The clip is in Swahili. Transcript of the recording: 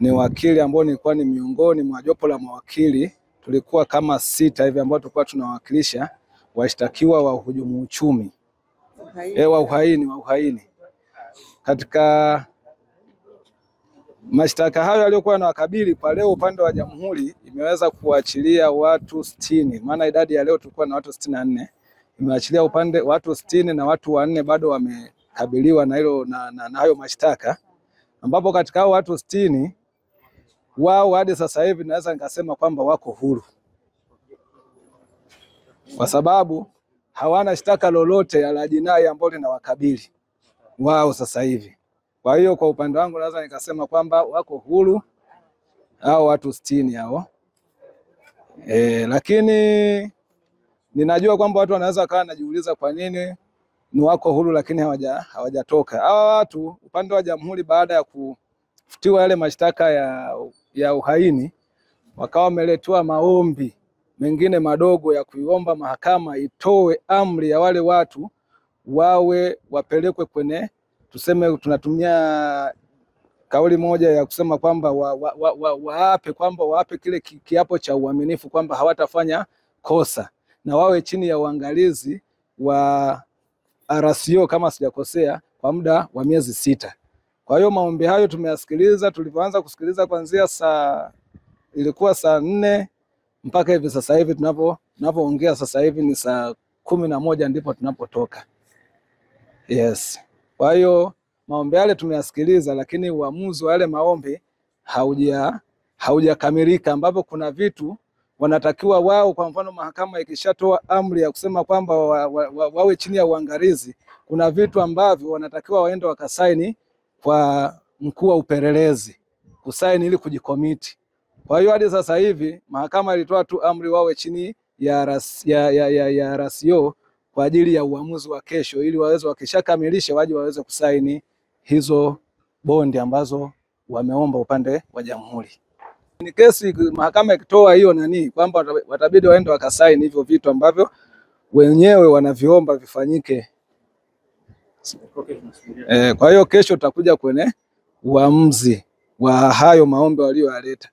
ni wakili ambao nilikuwa ni miongoni mwa jopo la mawakili, tulikuwa kama sita hivi ambao tulikuwa tunawakilisha washtakiwa wa uhujumu uchumi E, wa uhaini wa uhaini. Katika mashtaka hayo yaliyokuwa yanawakabili kwa leo, upande wa jamhuri imeweza kuachilia watu sitini, maana idadi ya leo tulikuwa na watu sitini na nne imeachilia upande watu sitini na watu wanne bado wamekabiliwa na hilo na, na, na hayo mashtaka ambapo katika hao watu sitini wao hadi sasa hivi naweza nikasema kwamba wako huru, kwa sababu hawana shtaka lolote la jinai ambalo linawakabili wao sasa hivi. Kwa hiyo kwa upande wangu naweza nikasema kwamba wako huru hao watu sitini hao e, lakini ninajua kwamba watu wanaweza kawa najiuliza kwa nini ni wako huru lakini hawajatoka hawaja hawa watu upande wa jamhuri baada ya ku kufutiwa yale mashtaka ya, ya uhaini, wakawa wameletewa maombi mengine madogo ya kuiomba mahakama itoe amri ya wale watu wawe wapelekwe kwenye, tuseme tunatumia kauli moja ya kusema kwamba waape wa, wa, wa, kwamba waape kile kiapo cha uaminifu kwamba hawatafanya kosa na wawe chini ya uangalizi wa RCO kama sijakosea, kwa muda wa miezi sita. Kwa hiyo maombi hayo tumeyasikiliza, tulivyoanza kusikiliza kuanzia saa ilikuwa saa nne mpaka hivi sasa hivi tunapo tunapoongea sasa hivi ni saa kumi na moja ndipo tunapotoka. Yes. Kwa hiyo maombi yale tumeyasikiliza, lakini uamuzi wa yale maombi hauja haujakamilika, ambapo kuna vitu wanatakiwa wao. Kwa mfano, mahakama ikishatoa amri ya kusema kwamba wawe wa, wa, wa chini ya uangalizi, kuna vitu ambavyo wanatakiwa waende wakasaini kwa mkuu wa upelelezi kusaini ili kujikomiti. Kwa hiyo hadi sasa hivi mahakama ilitoa tu amri wawe chini ya ras, ya, ya, ya, ya rasio kwa ajili ya uamuzi wa kesho, ili waweze wakishakamilisha waje waweze kusaini hizo bondi ambazo wameomba upande wa jamhuri. Ni kesi mahakama ikitoa hiyo nani kwamba watabidi waende wakasaini hivyo vitu ambavyo wenyewe wanaviomba vifanyike. Eh, kwa hiyo kesho utakuja kwenye uamuzi wa hayo maombi waliyoyaleta.